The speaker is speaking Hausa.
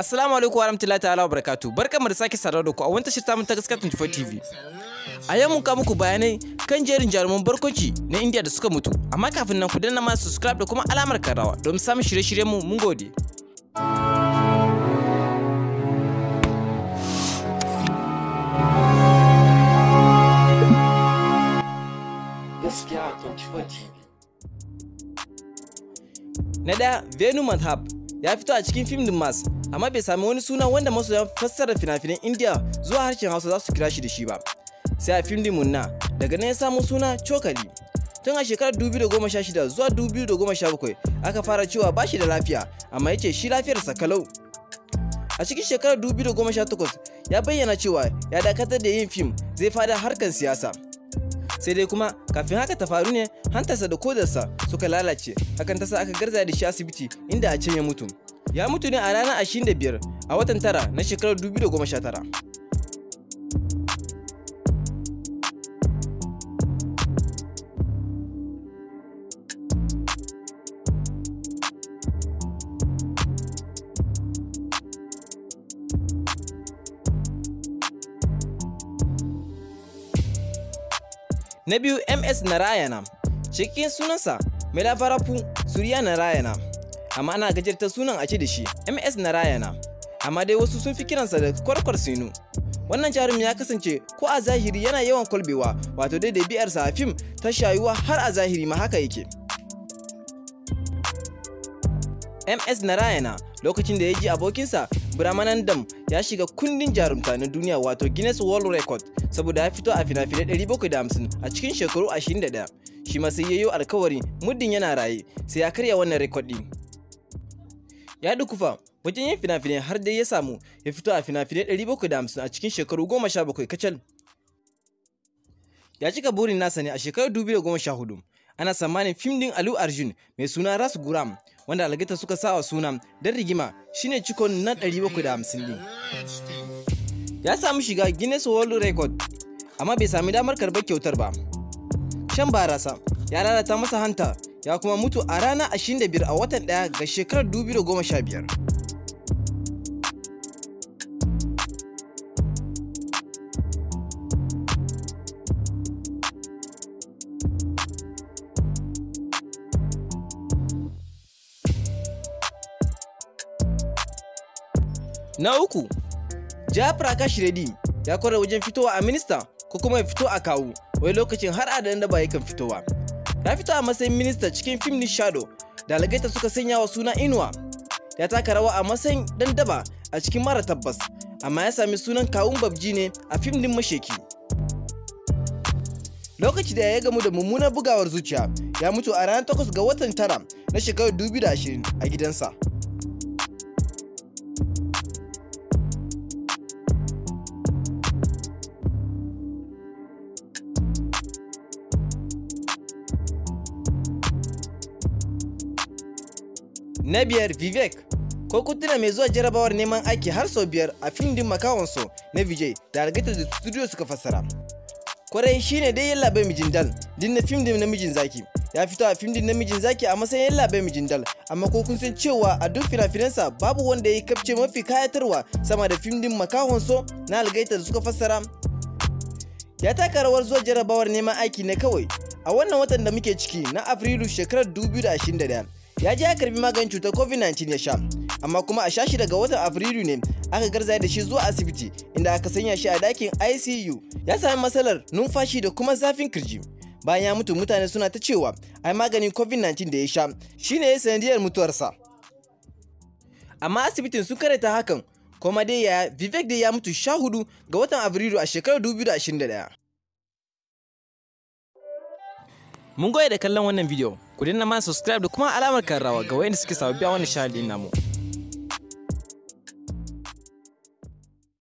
Assalamu alaikum warahmatullahi ta'ala wabarakatuh. Barkamu da sake saduwa da ku a wani tashar tamu ta gaskiya 24 TV. A yau mun kawo muku bayanai kan jerin jaruman barkwanci na India da suka mutu. Amma kafin nan ku danna ma subscribe da kuma alamar karawa don samun shirye-shiryen mu mun gode. Na da Venu Madhab ya fito a cikin fim din mas amma bai sami wani suna wanda masu yan fassara fina-finan india zuwa harshen hausa za su kira shi da shi ba sai a fim din munna daga nan ya samu suna cokali tun a shekarar 2016 zuwa 2017 aka fara cewa ba shi da lafiya amma ya ce shi lafiyarsa kalau a cikin shekarar 2018 ya bayyana cewa ya dakatar da yin fim zai fada harkar siyasa sai dai kuma kafin haka ta faru ne hantarsa da kodarsa suka lalace hakan ta sa aka garza da shi asibiti inda a can ya mutu ya mutu ne a ranar 25 a watan tara na shekarar 2019 Na biyu MS Narayana. cikin sunansa mai Melaparapu Surya Narayana. Amma ana gajarta sunan a ce da shi MS Narayana. Amma dai wasu sun fi kiransa da kwarkwar sinu. Wannan jarum ya kasance ko a zahiri yana yawan kwalbewa wato dai ɗabi'arsa a fim ta shayuwa har a zahiri ma haka yake. MS Narayana lokacin da ya ji abokinsa Bramanandam ya shiga kundin jarumta na duniya wato Guinness World Record saboda ya fito a fina-finai 750 a cikin shekaru 21. Shi ma sai yayo alkawari muddin yana raye sai ya karya wannan rekod ɗin. Ya dukufa wajen yin fina-finai har dai ya samu ya fito a fina-finai 750 a cikin shekaru 17 kacal. Ya cika burin nasa ne a shekarar 2014 ana tsammanin fim din Alu Arjun mai suna Ras Guram wanda algaita suka sa a sunan don rigima shine cikon na 750 ne. Ya samu shiga Guinness World Record amma bai sami damar karbar kyautar ba. Shan barasa ya lalata masa hanta ya kuma mutu a ranar 25 a watan 1 ga shekarar 2015. Na uku, Jayaprakash Reddy ya kware wajen fitowa a minista ko kuma ya fito a kawu wai lokacin har adadin da ba kan fitowa. Ya fito a matsayin minista cikin fim ni Shadow da alagaita suka sanya wa suna Inuwa. Ya taka rawa a matsayin dan daba a cikin mara tabbas amma ya sami sunan kawun babji ne a fim din masheki. Lokaci da ya gamu da mummunar bugawar zuciya ya mutu a ranar 8 ga watan tara na shekarar 2020 a gidansa. Na biyar Vivek ko kutuna mai zuwa jarabawar neman aiki har sau biyar a fim din makawansu na Vijay da Algaita da studio suka fasara. Kwarai shine dai yalla bai mijin dal din na fim din namijin zaki. Ya fito a fim din namijin zaki a matsayin yalla bai mijin dal amma ko kun san cewa a duk fina-finansa babu wanda ya yi kafce mafi kayatarwa sama da fim din makawansu na Algaita da suka fasara. Ya taka rawar zuwa jarabawar neman aiki ne kawai a wannan watan da muke ciki na Afrilu shekarar 2021. ya je a karbi maganin cutar covid-19 ya sha amma kuma a shashi daga watan afrilu ne aka garza da shi zuwa asibiti inda aka sanya shi a dakin icu ya sami matsalar numfashi da kuma zafin kirji bayan ya mutu mutane suna ta cewa a yi maganin covid-19 da ya sha shi ne ya sanadiyar mutuwarsa amma asibitin sun karanta hakan kuma dai ya vivek dai ya mutu sha hudu ga watan afrilu a shekarar 2021 Mun goya da kallon wannan bidiyo. Ku dinna ma subscribe da kuma alamar karrawa ga wayanda suke sabbi a wannan channel namu.